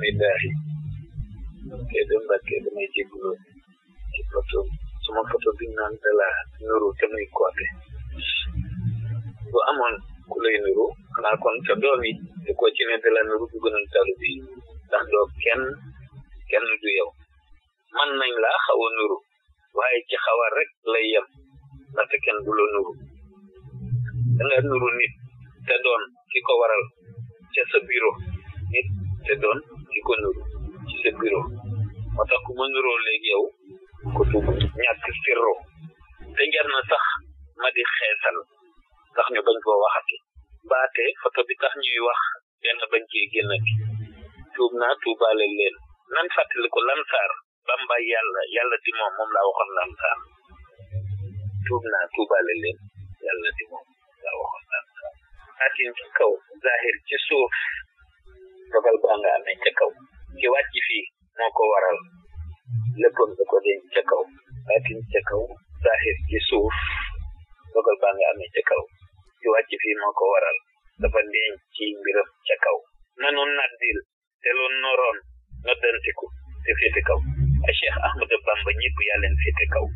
bismillahi kay dem Mbàkke damay jégalu ci photo suma photo bi naan nuru te muy koote bu amoon ku lay nuru xanaa kon sa doom yi te ko ci ne dala nuru bu gënoon talu bi ndax doo kenn kenn du yow man nañ laa xaw nuru waaye ci xaw a rek lay yem ndaxte kenn du la nuru danga nuru nit te doon ki ko waral ca sa nit te doon di ko nuru ci sa bureau moo tax ku ma nuroo léegi yow ko tuub ñàkk sirro te njar na sax ma di xeesal tax ñu bañ koo waxati baate photo bi tax ñuy wax benn bañ cee génnati tuub naa tuubaale leen nan fàttali ko lansaar bamba yàlla yàlla di moom moom laa waxoon lansaar tuub naa tuubaale leen yàlla di moom laa waxoon lansaar atin ci kaw zahir ci suuf dogal baa nga amee ca kaw ki wàcc fii moo ko waral léppam da ko denc ca kaw baatin ca ci suuf dogal baa nga amee ca kaw ki wàcc fii moo waral dafa denc ci mbiram ca kaw nanu naddil te lu noroon noddantiku te féete kaw a Cheikh Ahmadou Bamba ñëpp yaa leen féete kaw